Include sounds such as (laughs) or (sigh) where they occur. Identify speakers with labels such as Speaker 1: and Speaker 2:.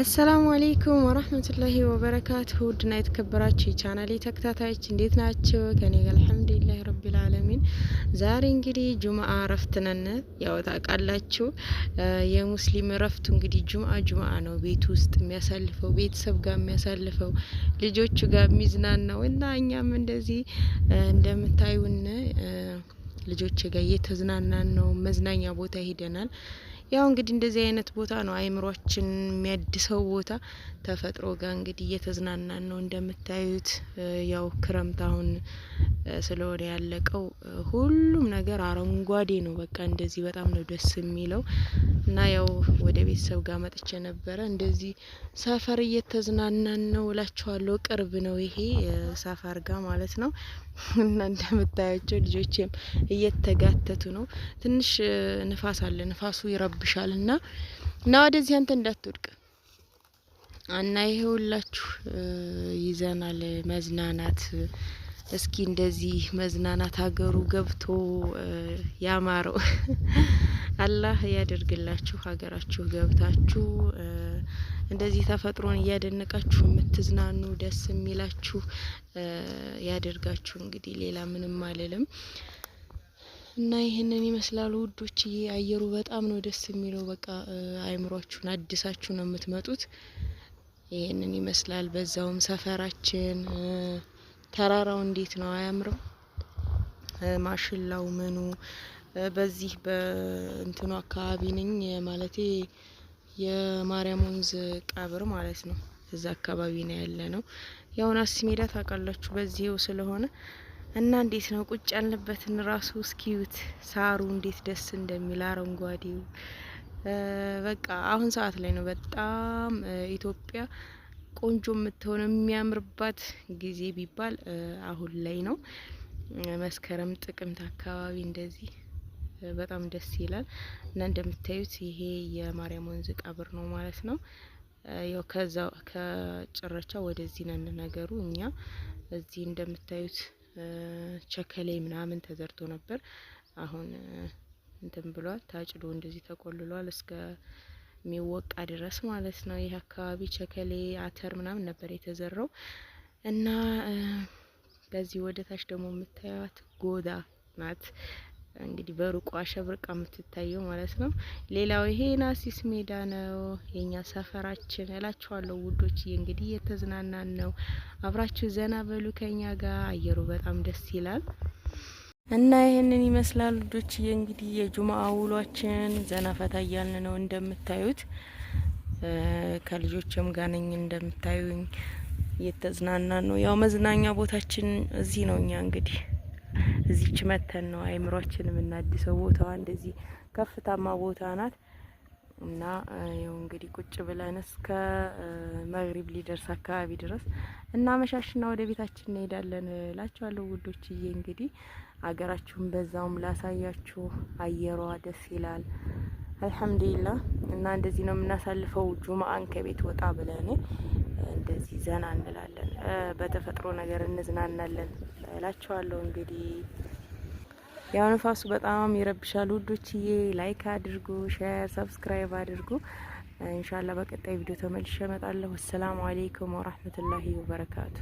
Speaker 1: አሰላሙ አሌይኩም ወራህመቱላሂ ወበረካቱሁ ውድና የተከበራችሁ የቻናሌ ተከታታዮች እንዴት ናቸው? ከኔ ጋር አልሐምዱሊላህ ረቢል አለሚን። ዛሬ እንግዲህ ጁምአ እረፍት ነን። ያው ታውቃላችሁ የሙስሊም እረፍቱ እንግዲህ ጁምአ ጁምአ ነው። ቤት ውስጥ የሚያሳልፈው ቤተሰብ ጋር የሚያሳልፈው ልጆቹ ጋር የሚዝናናው እና እኛም እንደዚህ እንደምታዩን ልጆች ጋር እየተዝናናን ነው። መዝናኛ ቦታ ሂደናል። ያው እንግዲህ እንደዚህ አይነት ቦታ ነው አይምሮችን የሚያድሰው ቦታ ተፈጥሮ ጋር እንግዲህ እየተዝናናን ነው እንደምታዩት። ያው ክረምት አሁን ስለሆነ ያለቀው ሁሉም ነገር አረንጓዴ ነው። በቃ እንደዚህ በጣም ነው ደስ የሚለው እና ያው ወደ ቤተሰብ ጋር መጥቼ ነበረ። እንደዚህ ሰፈር እየተዝናናን ነው እላችኋለሁ። ቅርብ ነው ይሄ ሰፈር ጋር ማለት ነው እና እንደምታያቸው ልጆቼም እየተጋተቱ ነው። ትንሽ ንፋስ አለ፣ ንፋሱ ይረብሻል እና እና ወደዚህ አንተ እንዳትወድቅ እና ይሄ ሁላችሁ ይዘናል መዝናናት እስኪ እንደዚህ መዝናናት ሀገሩ ገብቶ ያማረው (laughs) አላህ ያደርግላችሁ። ሀገራችሁ ገብታችሁ እንደዚህ ተፈጥሮን እያደነቃችሁ የምትዝናኑ ደስ የሚላችሁ ያደርጋችሁ። እንግዲህ ሌላ ምንም አልልም እና ይህንን ይመስላሉ ውዶች አየሩ በጣም ነው ደስ የሚለው። በቃ አይምሯችሁን አድሳችሁ ነው የምትመጡት። ይህንን ይመስላል። በዛውም ሰፈራችን ተራራው እንዴት ነው አያምርም? ማሽላው ምኑ በዚህ በእንትኑ አካባቢ ነኝ ማለት የማርያም ወንዝ ቀብር ማለት ነው። እዛ አካባቢ ነው ያለ ነው። የሆናስ ሜዳ ታውቃላችሁ፣ በዚህው ስለሆነ እና እንዴት ነው ቁጭ ያለበትን ራሱ እስኪዩት፣ ሳሩ እንዴት ደስ እንደሚል አረንጓዴው። በቃ አሁን ሰዓት ላይ ነው በጣም ኢትዮጵያ ቆንጆ የምትሆነ የሚያምርባት ጊዜ ቢባል አሁን ላይ ነው። መስከረም ጥቅምት አካባቢ እንደዚህ በጣም ደስ ይላል እና እንደምታዩት ይሄ የማርያም ወንዝ ቀብር ነው ማለት ነው። ያው ከዛ ከጭረቻ ወደዚህ ነን ነገሩ። እኛ እዚህ እንደምታዩት ቸከሌ ምናምን ተዘርቶ ነበር። አሁን እንትን ብሏል፣ ታጭዶ እንደዚህ ተቆልሏል እስከ የሚወቃ ድረስ ማለት ነው። ይህ አካባቢ ቸከሌ አተር ምናምን ነበር የተዘራው እና በዚህ ወደ ታች ደግሞ የምታዩት ጎዳ ናት። እንግዲህ በሩቁ አሸብርቃ የምትታየው ማለት ነው። ሌላው ይሄ ናሲስ ሜዳ ነው የኛ ሰፈራችን እላችኋለሁ ውዶች። እንግዲህ እየተዝናናን ነው። አብራችሁ ዘና በሉ ከኛ ጋር። አየሩ በጣም ደስ ይላል። እና ይህንን ይመስላል ልጆች። እንግዲህ የጁማ ውሏችን ዘና ፈታ እያልን ነው እንደምታዩት። ከልጆችም ጋር ነኝ እንደምታዩኝ፣ እየተዝናና ነው። ያው መዝናኛ ቦታችን እዚህ ነው። እኛ እንግዲህ እዚች መተን ነው አይምሯችን የምናድሰው። ቦታዋ እንደዚህ ከፍታማ ቦታ ናት። እና ያው እንግዲህ ቁጭ ብለን እስከ መግሪብ ሊደርስ አካባቢ ድረስ እና መሻሽና ወደ ቤታችን እንሄዳለን እላችኋለሁ ውዶችዬ። እንግዲህ አገራችሁን በዛውም ላሳያችሁ። አየሯ ደስ ይላል። አልሐምዱሊላ እና እንደዚህ ነው የምናሳልፈው። ጁማአን ከቤት ወጣ ብለን እንደዚህ ዘና እንላለን፣ በተፈጥሮ ነገር እንዝናናለን እላችኋለሁ እንግዲህ ያው ንፋሱ በጣም ይረብሻል። ውዶችዬ ላይክ አድርጉ፣ ሼር፣ ሰብስክራይብ አድርጉ። ኢንሻአላህ በቀጣይ ቪዲዮ ተመልሼ እመጣለሁ። አሰላሙ አሌይኩም ወራህመቱላሂ ወበረካቱ።